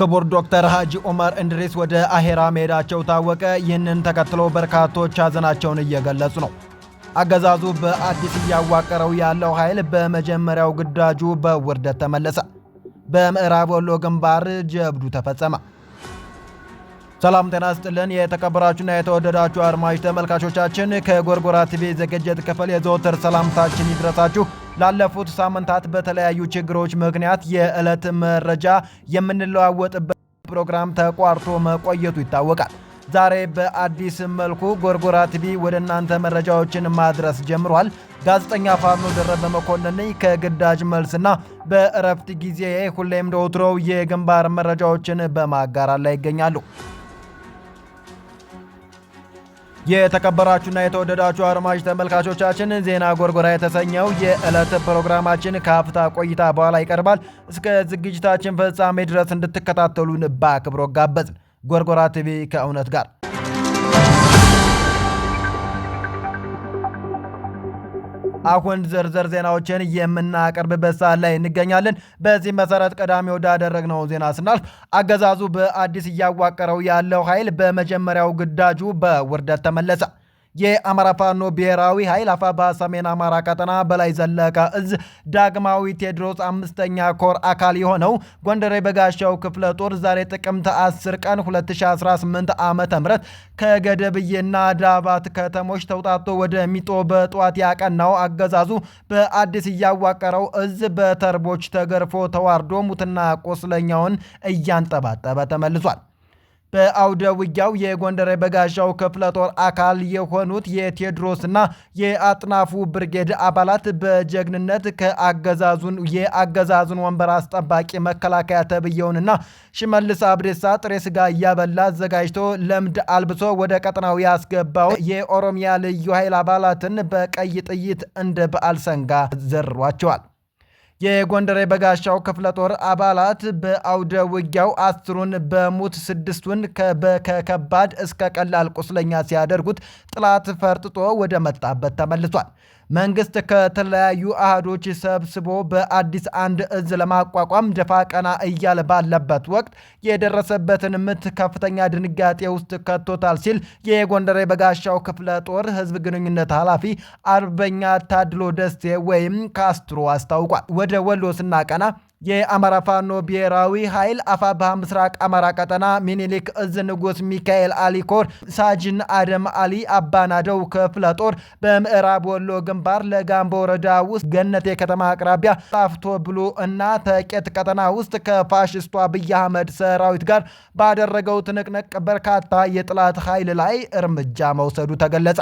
ክቡር ዶክተር ሀጂ ኡመር እንድሪስ ወደ አሄራ መሄዳቸው ታወቀ። ይህንን ተከትሎ በርካቶች ሀዘናቸውን እየገለጹ ነው። አገዛዙ በአዲስ እያዋቀረው ያለው ኃይል በመጀመሪያው ግዳጁ በውርደት ተመለሰ። በምዕራብ ወሎ ግንባር ጀብዱ ተፈጸመ። ሰላም ጤና ስጥልን። የተከበራችሁና የተወደዳችሁ አድማጭ ተመልካቾቻችን ከጎርጎራ ቲቪ ዝግጅት ክፍል የዘወትር ሰላምታችን ይድረሳችሁ። ላለፉት ሳምንታት በተለያዩ ችግሮች ምክንያት የዕለት መረጃ የምንለዋወጥበት ፕሮግራም ተቋርጦ መቆየቱ ይታወቃል። ዛሬ በአዲስ መልኩ ጎርጎራ ቲቪ ወደ እናንተ መረጃዎችን ማድረስ ጀምሯል። ጋዜጠኛ ፋኖ ደረበ መኮንን ከግዳጅ መልስና በእረፍት ጊዜ ሁሌም እንደወትሮው የግንባር መረጃዎችን በማጋራት ላይ ይገኛሉ። የተከበራችሁና የተወደዳችሁ አድማጭ ተመልካቾቻችን ዜና ጎርጎራ የተሰኘው የዕለት ፕሮግራማችን ከአፍታ ቆይታ በኋላ ይቀርባል። እስከ ዝግጅታችን ፍጻሜ ድረስ እንድትከታተሉን በአክብሮት ጋበዝን። ጎርጎራ ቲቪ ከእውነት ጋር አሁን ዝርዝር ዜናዎችን የምናቀርብበት ሰዓት ላይ እንገኛለን። በዚህ መሰረት ቀዳሚ ወዳደረግነው ዜና ስናልፍ አገዛዙ በአዲስ እያዋቀረው ያለው ኃይል በመጀመሪያው ግዳጁ በውርደት ተመለሰ። የአማራ ፋኖ ብሔራዊ ኃይል አፋባ ሰሜን አማራ ቀጠና በላይ ዘለቀ እዝ ዳግማዊ ቴዎድሮስ አምስተኛ ኮር አካል የሆነው ጎንደሬ በጋሻው ክፍለ ጦር ዛሬ ጥቅምት 10 ቀን 2018 ዓ ም ከገደብዬና ዳባት ከተሞች ተውጣቶ ወደ ሚጦ በጠዋት ያቀናው አገዛዙ በአዲስ እያዋቀረው እዝ በተርቦች ተገርፎ ተዋርዶ ሙትና ቆስለኛውን እያንጠባጠበ ተመልሷል። በአውደ ውጊያው የጎንደር የበጋሻው ክፍለ ጦር አካል የሆኑት የቴዎድሮስና የአጥናፉ ብርጌድ አባላት በጀግንነት ከአገዛዙን የአገዛዙን ወንበር አስጠባቂ መከላከያ ተብየውንና ሽመልስ አብዲሳ ጥሬ ስጋ እያበላ አዘጋጅቶ ለምድ አልብሶ ወደ ቀጠናው ያስገባው የኦሮሚያ ልዩ ኃይል አባላትን በቀይ ጥይት እንደ በዓል ሰንጋ ዘርሯቸዋል። የጎንደር የበጋሻው ክፍለ ጦር አባላት በአውደ ውጊያው አስሩን በሙት ስድስቱን ከከባድ እስከ ቀላል ቁስለኛ ሲያደርጉት ጥላት ፈርጥጦ ወደ መጣበት ተመልሷል። መንግስት ከተለያዩ አህዶች ሰብስቦ በአዲስ አንድ እዝ ለማቋቋም ደፋ ቀና እያለ ባለበት ወቅት የደረሰበትን ምት ከፍተኛ ድንጋጤ ውስጥ ከቶታል ሲል የጎንደር የበጋሻው ክፍለ ጦር ህዝብ ግንኙነት ኃላፊ አርበኛ ታድሎ ደስቴ ወይም ካስትሮ አስታውቋል። ወደ ወሎ ስናቀና የአማራ ፋኖ ብሔራዊ ኃይል አፋብሃ ምስራቅ አማራ ቀጠና ሚኒሊክ እዝ ንጉስ ሚካኤል አሊኮር ሳጅን አደም አሊ አባናደው ክፍለ ጦር በምዕራብ ወሎ ግንባር ለጋምቦ ወረዳ ውስጥ ገነቴ ከተማ አቅራቢያ ጣፍቶ ብሉ እና ተቄት ቀጠና ውስጥ ከፋሽስቱ አብይ አህመድ ሰራዊት ጋር ባደረገው ትንቅንቅ በርካታ የጥላት ኃይል ላይ እርምጃ መውሰዱ ተገለጸ።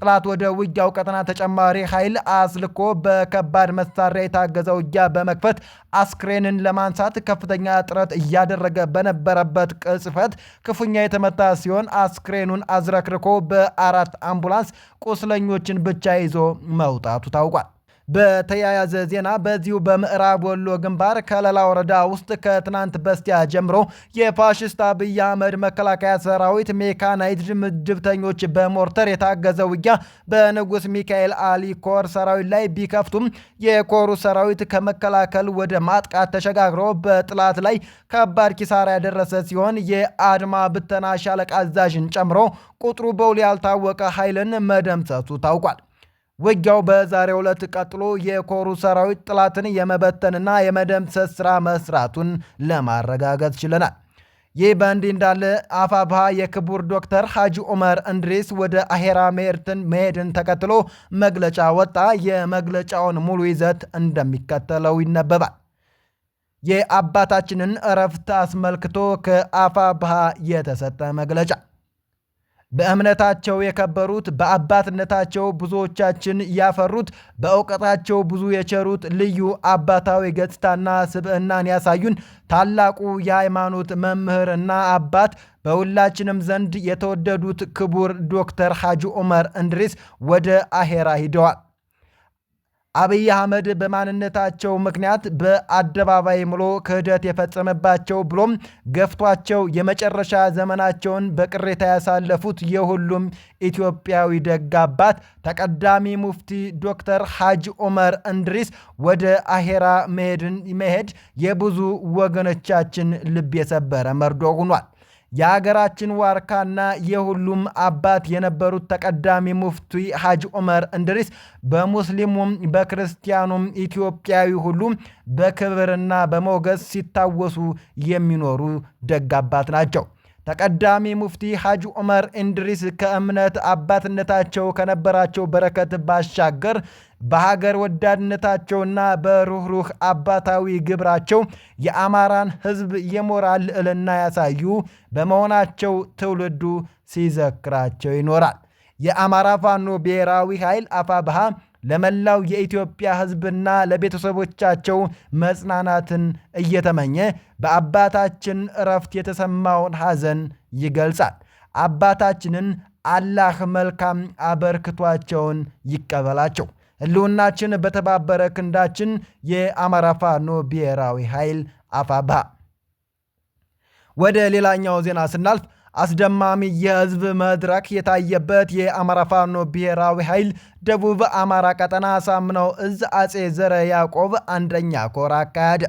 ጠላት ወደ ውጊያው ቀጠና ተጨማሪ ኃይል አስልኮ በከባድ መሳሪያ የታገዘ ውጊያ በመክፈት አስክሬንን ለማንሳት ከፍተኛ ጥረት እያደረገ በነበረበት ቅጽፈት ክፉኛ የተመታ ሲሆን አስክሬኑን አዝረክርኮ በአራት አምቡላንስ ቁስለኞችን ብቻ ይዞ መውጣቱ ታውቋል። በተያያዘ ዜና በዚሁ በምዕራብ ወሎ ግንባር ከለላ ወረዳ ውስጥ ከትናንት በስቲያ ጀምሮ የፋሽስት አብይ አህመድ መከላከያ ሰራዊት ሜካናይዝድ ምድብተኞች በሞርተር የታገዘ ውጊያ በንጉስ ሚካኤል አሊ ኮር ሰራዊት ላይ ቢከፍቱም የኮሩ ሰራዊት ከመከላከል ወደ ማጥቃት ተሸጋግሮ በጥላት ላይ ከባድ ኪሳራ ያደረሰ ሲሆን የአድማ ብተና ሻለቃ አዛዥን ጨምሮ ቁጥሩ በውል ያልታወቀ ኃይልን መደምሰሱ ታውቋል። ውጊያው በዛሬው ዕለት ቀጥሎ የኮሩ ሰራዊት ጥላትን የመበተንና የመደምሰስ ስራ መስራቱን ለማረጋገጥ ችለናል። ይህ በእንዲህ እንዳለ አፋብሃ የክቡር ዶክተር ሐጂ ዑመር እንድሪስ ወደ አሄራ ሜርትን መሄድን ተከትሎ መግለጫ ወጣ። የመግለጫውን ሙሉ ይዘት እንደሚከተለው ይነበባል። የአባታችንን እረፍት አስመልክቶ ከአፋብሃ የተሰጠ መግለጫ በእምነታቸው የከበሩት በአባትነታቸው ብዙዎቻችን ያፈሩት በእውቀታቸው ብዙ የቸሩት ልዩ አባታዊ ገጽታና ስብዕናን ያሳዩን ታላቁ የሃይማኖት መምህርና አባት በሁላችንም ዘንድ የተወደዱት ክቡር ዶክተር ሐጂ ዑመር እንድሪስ ወደ አሄራ ሂደዋል። አብይ አህመድ በማንነታቸው ምክንያት በአደባባይ ምሎ ክህደት የፈጸመባቸው ብሎም ገፍቷቸው የመጨረሻ ዘመናቸውን በቅሬታ ያሳለፉት የሁሉም ኢትዮጵያዊ ደግ አባት ተቀዳሚ ሙፍቲ ዶክተር ሐጅ ኦመር እንድሪስ ወደ አሄራ መሄድ የብዙ ወገኖቻችን ልብ የሰበረ መርዶ ሆኗል። የአገራችን ዋርካና የሁሉም አባት የነበሩት ተቀዳሚ ሙፍቲ ሐጅ ዑመር እንድሪስ በሙስሊሙም በክርስቲያኑም ኢትዮጵያዊ ሁሉም በክብርና በሞገስ ሲታወሱ የሚኖሩ ደግ አባት ናቸው። ተቀዳሚ ሙፍቲ ሐጅ ዑመር እንድሪስ ከእምነት አባትነታቸው ከነበራቸው በረከት ባሻገር በሀገር ወዳድነታቸውና በሩህሩህ አባታዊ ግብራቸው የአማራን ሕዝብ የሞራል ልዕልና ያሳዩ በመሆናቸው ትውልዱ ሲዘክራቸው ይኖራል። የአማራ ፋኖ ብሔራዊ ኃይል አፋብሃ ለመላው የኢትዮጵያ ሕዝብና ለቤተሰቦቻቸው መጽናናትን እየተመኘ በአባታችን እረፍት የተሰማውን ሐዘን ይገልጻል። አባታችንን አላህ መልካም አበርክቷቸውን ይቀበላቸው። ህልውናችን በተባበረ ክንዳችን። የአማራ ፋኖ ብሔራዊ ኃይል አፋባ። ወደ ሌላኛው ዜና ስናልፍ አስደማሚ የህዝብ መድረክ የታየበት የአማራ ፋኖ ብሔራዊ ኃይል ደቡብ አማራ ቀጠና ሳምናው እዝ አጼ ዘረ ያዕቆብ አንደኛ ኮር አካሄደ።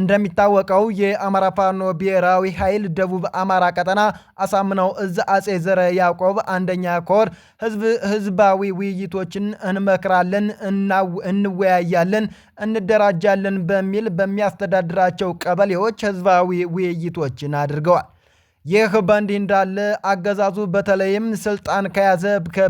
እንደሚታወቀው የአማራ ፋኖ ብሔራዊ ኃይል ደቡብ አማራ ቀጠና አሳምነው እዝ አጼ ዘረ ያዕቆብ አንደኛ ኮር ህዝባዊ ውይይቶችን እንመክራለን፣ እንወያያለን፣ እንደራጃለን በሚል በሚያስተዳድራቸው ቀበሌዎች ህዝባዊ ውይይቶችን አድርገዋል። ይህ በእንዲህ እንዳለ አገዛዙ በተለይም ስልጣን ከያዘ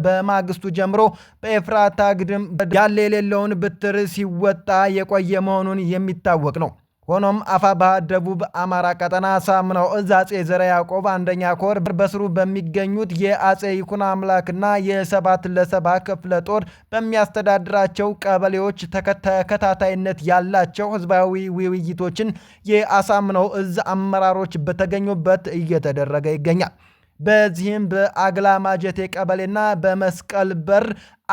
በማግስቱ ጀምሮ በኤፍራታ ግድም ያለ የሌለውን ብትር ሲወጣ የቆየ መሆኑን የሚታወቅ ነው። ሆኖም አፋባ ደቡብ አማራ ቀጠና ሳምናው እዝ አጼ ዘረ ያዕቆብ አንደኛ ኮር በስሩ በሚገኙት የአጼ ይኩን አምላክና የሰባት ለሰባ ክፍለ ጦር በሚያስተዳድራቸው ቀበሌዎች ተከታታይነት ያላቸው ህዝባዊ ውይይቶችን የአሳምነው እዝ አመራሮች በተገኙበት እየተደረገ ይገኛል። በዚህም በአግላ ማጀቴ ቀበሌና በመስቀል በር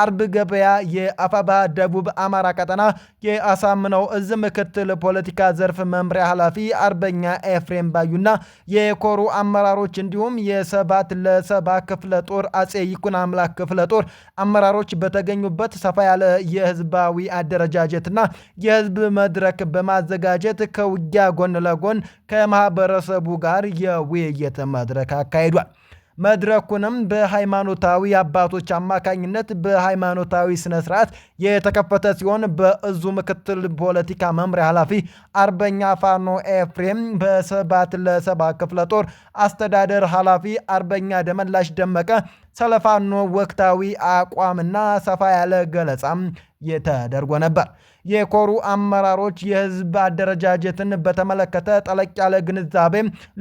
አርብ ገበያ የአፋባ ደቡብ አማራ ቀጠና የአሳምነው እዝ ምክትል ፖለቲካ ዘርፍ መምሪያ ኃላፊ አርበኛ ኤፍሬም ባዩና የኮሩ አመራሮች እንዲሁም የሰባት ለሰባ ክፍለ ጦር አጼ ይኩን አምላክ ክፍለ ጦር አመራሮች በተገኙበት ሰፋ ያለ የህዝባዊ አደረጃጀትና የህዝብ መድረክ በማዘጋጀት ከውጊያ ጎን ለጎን ከማህበረሰቡ ጋር የውይይት መድረክ አካሂዷል። መድረኩንም በሃይማኖታዊ አባቶች አማካኝነት በሃይማኖታዊ ስነ ስርዓት የተከፈተ ሲሆን በእዙ ምክትል ፖለቲካ መምሪያ ኃላፊ አርበኛ ፋኖ ኤፍሬም በሰባት ለሰባ ክፍለ ጦር አስተዳደር ኃላፊ አርበኛ ደመላሽ ደመቀ ስለ ፋኖ ወቅታዊ አቋምና ሰፋ ያለ ገለጻም ተደርጎ ነበር። የኮሩ አመራሮች የህዝብ አደረጃጀትን በተመለከተ ጠለቅ ያለ ግንዛቤ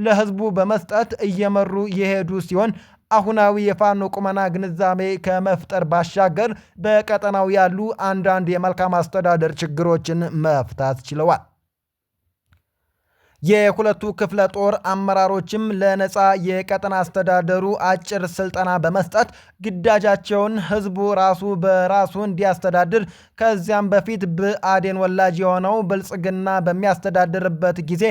ለህዝቡ በመስጠት እየመሩ የሄዱ ሲሆን አሁናዊ የፋኖ ቁመና ግንዛቤ ከመፍጠር ባሻገር በቀጠናው ያሉ አንዳንድ የመልካም አስተዳደር ችግሮችን መፍታት ችለዋል። የሁለቱ ክፍለ ጦር አመራሮችም ለነፃ የቀጠና አስተዳደሩ አጭር ስልጠና በመስጠት ግዳጃቸውን ህዝቡ ራሱ በራሱ እንዲያስተዳድር ከዚያም በፊት ብአዴን ወላጅ የሆነው ብልጽግና በሚያስተዳድርበት ጊዜ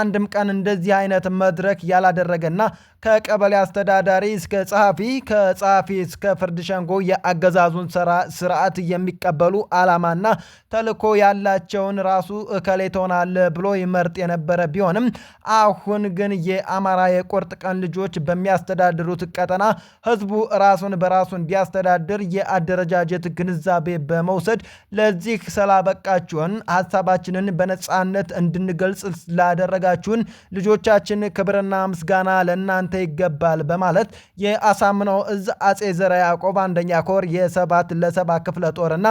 አንድም ቀን እንደዚህ አይነት መድረክ ያላደረገና ከቀበሌ አስተዳዳሪ እስከ ጸሐፊ ከጸሐፊ እስከ ፍርድ ሸንጎ የአገዛዙን ስርዓት የሚቀበሉ አላማና ተልኮ ያላቸውን ራሱ እከሌ ብሎ ይመርጥ የነበረ ቢሆንም አሁን ግን የአማራ የቁርጥ ቀን ልጆች በሚያስተዳድሩት ቀጠና ህዝቡ ራሱን በራሱ እንዲያስተዳድር የአደረጃጀት ግንዛቤ በመውሰድ ለዚህ ስላበቃችሁን ሀሳባችንን በነጻነት እንድንገልጽ ላደረ ማድረጋችሁን ልጆቻችን ክብርና ምስጋና ለእናንተ ይገባል በማለት የአሳምነው እዝ አጼ ዘረ ያዕቆብ አንደኛ ኮር የሰባት ለሰባ ክፍለ ጦርና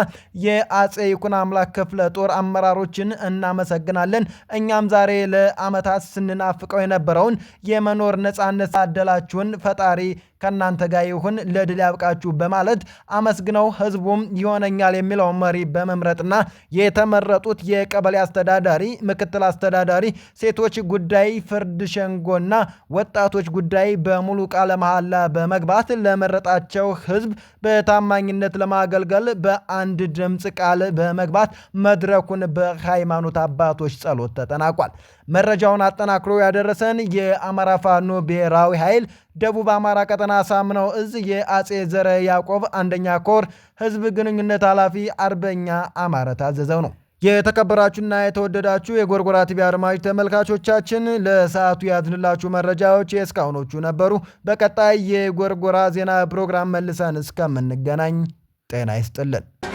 የአጼ ይኩን አምላክ ክፍለ ጦር አመራሮችን እናመሰግናለን። እኛም ዛሬ ለአመታት ስንናፍቀው የነበረውን የመኖር ነጻነት ሳደላችሁን ፈጣሪ ከእናንተ ጋር ይሁን፣ ለድል ያብቃችሁ በማለት አመስግነው ህዝቡም ይሆነኛል የሚለው መሪ በመምረጥና የተመረጡት የቀበሌ አስተዳዳሪ፣ ምክትል አስተዳዳሪ፣ ሴት ሴቶች ጉዳይ ፍርድ ሸንጎና ወጣቶች ጉዳይ በሙሉ ቃለ መሐላ በመግባት ለመረጣቸው ሕዝብ በታማኝነት ለማገልገል በአንድ ድምፅ ቃል በመግባት መድረኩን በሃይማኖት አባቶች ጸሎት ተጠናቋል። መረጃውን አጠናክሮ ያደረሰን የአማራ ፋኖ ብሔራዊ ኃይል ደቡብ አማራ ቀጠና ሳምነው እዝ የአጼ ዘረ ያዕቆብ አንደኛ ኮር ህዝብ ግንኙነት ኃላፊ አርበኛ አማረ ታዘዘው ነው። የተከበራችሁና የተወደዳችሁ የጎርጎራ ቲቪ አድማጭ ተመልካቾቻችን ለሰዓቱ ያዝንላችሁ መረጃዎች የእስካሁኖቹ ነበሩ። በቀጣይ የጎርጎራ ዜና ፕሮግራም መልሰን እስከምንገናኝ ጤና ይስጥልን።